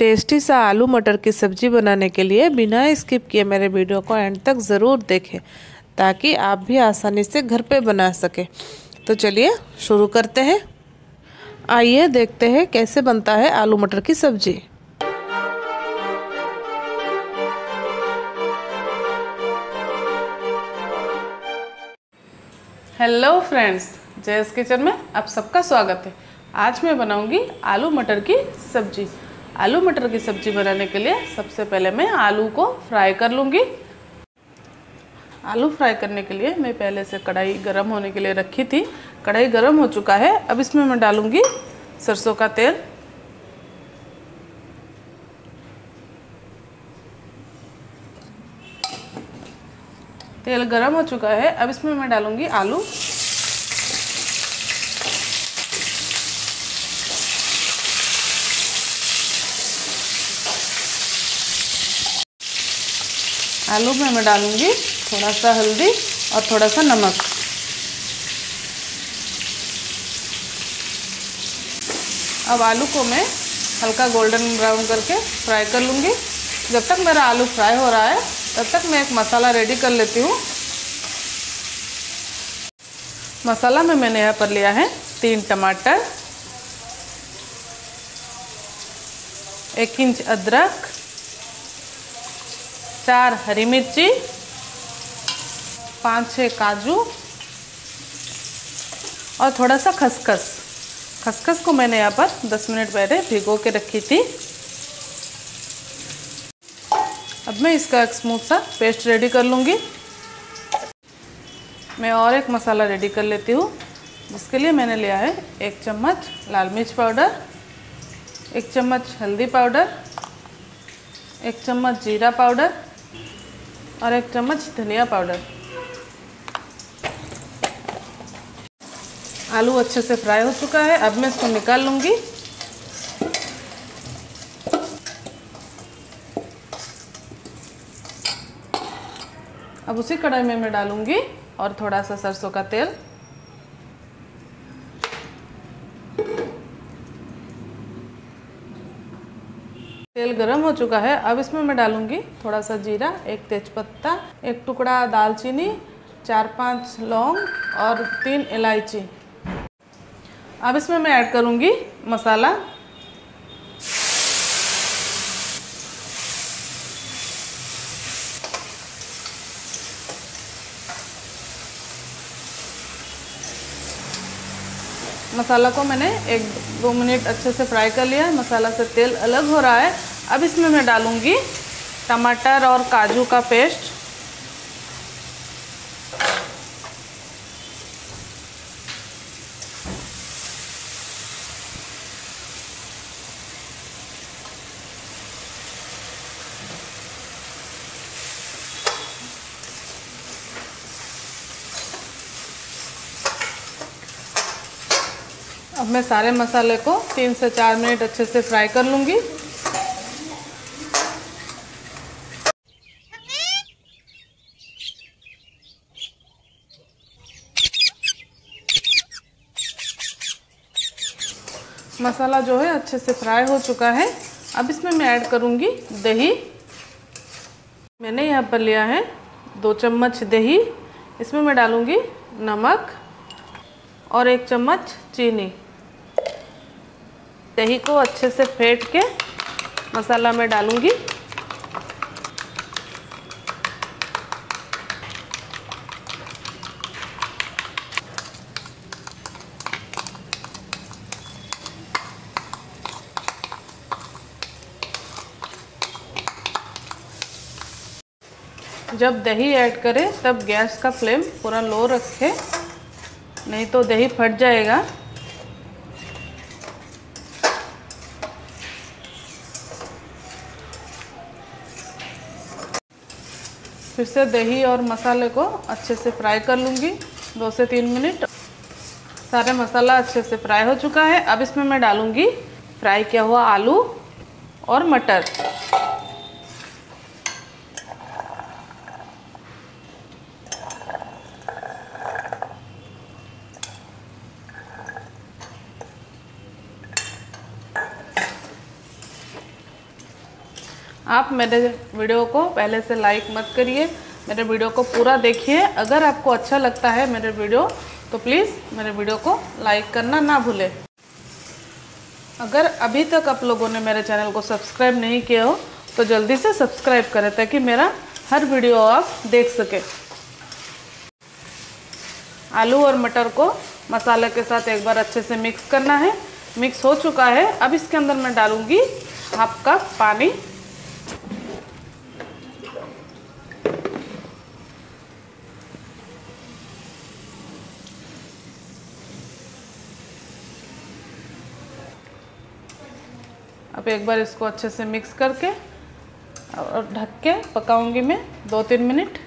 tasty सा आलू मटर की सब्ज़ी बनाने के लिए बिना स्किप किए मेरे वीडियो को एंड तक ज़रूर देखें ताकि आप भी आसानी से घर पे बना सकें तो चलिए शुरू करते हैं आइए देखते हैं कैसे बनता है आलू मटर की सब्ज़ी हेलो फ्रेंड्स जयस किचन में आप सबका स्वागत है आज मैं बनाऊंगी आलू मटर की सब्ज़ी आलू मटर की सब्ज़ी बनाने के लिए सबसे पहले मैं आलू को फ्राई कर लूँगी आलू फ्राई करने के लिए मैं पहले से कढ़ाई गर्म होने के लिए रखी थी कढ़ाई गर्म हो चुका है अब इसमें मैं डालूँगी सरसों का तेल तेल गर्म हो चुका है अब इसमें मैं डालूँगी आलू आलू में मैं डालूंगी थोड़ा सा हल्दी और थोड़ा सा नमक अब आलू को मैं हल्का गोल्डन ब्राउन करके फ्राई कर लूँगी जब तक मेरा आलू फ्राई हो रहा है तब तक मैं एक मसाला रेडी कर लेती हूँ मसाला में मैंने यहाँ पर लिया है तीन टमाटर एक इंच अदरक चार हरी मिर्ची पाँच छः काजू और थोड़ा सा खसखस खसखस को मैंने यहाँ पर 10 मिनट पहले भिगो के रखी थी अब मैं इसका एक स्मूथ सा पेस्ट रेडी कर लूँगी मैं और एक मसाला रेडी कर लेती हूँ जिसके लिए मैंने लिया है एक चम्मच लाल मिर्च पाउडर एक चम्मच हल्दी पाउडर एक चम्मच जीरा पाउडर और एक चम्मच धनिया पाउडर आलू अच्छे से फ्राई हो चुका है अब मैं इसको निकाल लूँगी अब उसी कढ़ाई में मैं डालूंगी और थोड़ा सा सरसों का तेल तेल गरम हो चुका है अब इसमें मैं डालूंगी थोड़ा सा जीरा एक तेज़पत्ता एक टुकड़ा दालचीनी चार पांच लौंग और तीन इलायची अब इसमें मैं ऐड करूंगी मसाला मसाला को मैंने एक दो मिनट अच्छे से फ्राई कर लिया है मसाला से तेल अलग हो रहा है अब इसमें मैं डालूँगी टमाटर और काजू का पेस्ट अब मैं सारे मसाले को तीन से चार मिनट अच्छे से फ्राई कर लूँगी मसाला जो है अच्छे से फ्राई हो चुका है अब इसमें मैं ऐड करूँगी दही मैंने यहाँ पर लिया है दो चम्मच दही इसमें मैं डालूँगी नमक और एक चम्मच चीनी दही को अच्छे से फेंट के मसाला में डालूंगी जब दही ऐड करें तब गैस का फ्लेम पूरा लो रखें नहीं तो दही फट जाएगा फिर से दही और मसाले को अच्छे से फ्राई कर लूँगी दो से तीन मिनट सारे मसाला अच्छे से फ्राई हो चुका है अब इसमें मैं डालूँगी फ्राई किया हुआ आलू और मटर आप मेरे वीडियो को पहले से लाइक मत करिए मेरे वीडियो को पूरा देखिए अगर आपको अच्छा लगता है मेरे वीडियो तो प्लीज़ मेरे वीडियो को लाइक करना ना भूलें अगर अभी तक आप लोगों ने मेरे चैनल को सब्सक्राइब नहीं किया हो तो जल्दी से सब्सक्राइब करें ताकि मेरा हर वीडियो आप देख सकें आलू और मटर को मसाला के साथ एक बार अच्छे से मिक्स करना है मिक्स हो चुका है अब इसके अंदर मैं डालूँगी हाफ कप पानी अब एक बार इसको अच्छे से मिक्स करके और ढक के पकाऊंगी मैं दो तीन मिनट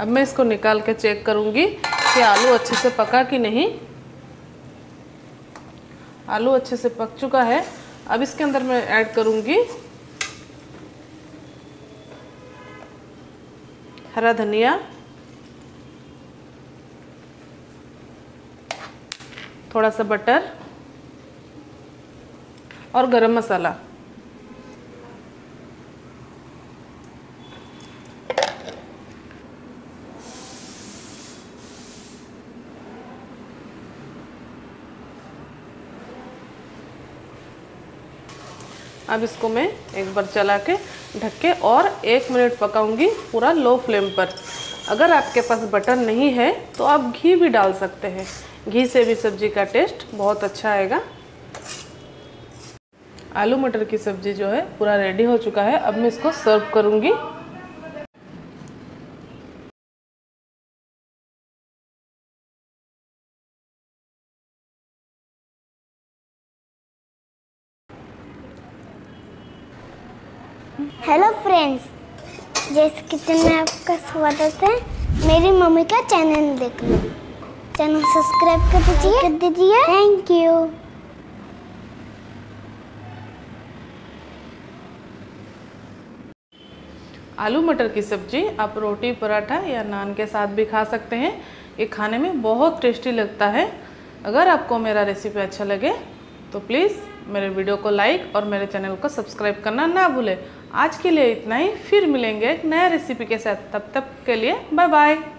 अब मैं इसको निकाल के चेक करूंगी कि आलू अच्छे से पका कि नहीं आलू अच्छे से पक चुका है अब इसके अंदर मैं ऐड करूंगी हरा धनिया थोड़ा सा बटर और गरम मसाला अब इसको मैं एक बार चला के ढक के और एक मिनट पकाऊंगी पूरा लो फ्लेम पर अगर आपके पास बटर नहीं है तो आप घी भी डाल सकते हैं घी से भी सब्जी का टेस्ट बहुत अच्छा आएगा आलू मटर की सब्ज़ी जो है पूरा रेडी हो चुका है अब मैं इसको सर्व करूंगी हेलो फ्रेंड्स जैसे किचन में आपका स्वागत है मेरी मम्मी का चैनल देख लो चैनल सब्सक्राइब कर दीजिए कर दीजिए थैंक यू आलू मटर की सब्ज़ी आप रोटी पराठा या नान के साथ भी खा सकते हैं ये खाने में बहुत टेस्टी लगता है अगर आपको मेरा रेसिपी अच्छा लगे तो प्लीज़ मेरे वीडियो को लाइक और मेरे चैनल को सब्सक्राइब करना ना भूलें आज के लिए इतना ही फिर मिलेंगे एक नया रेसिपी के साथ तब तक के लिए बाय बाय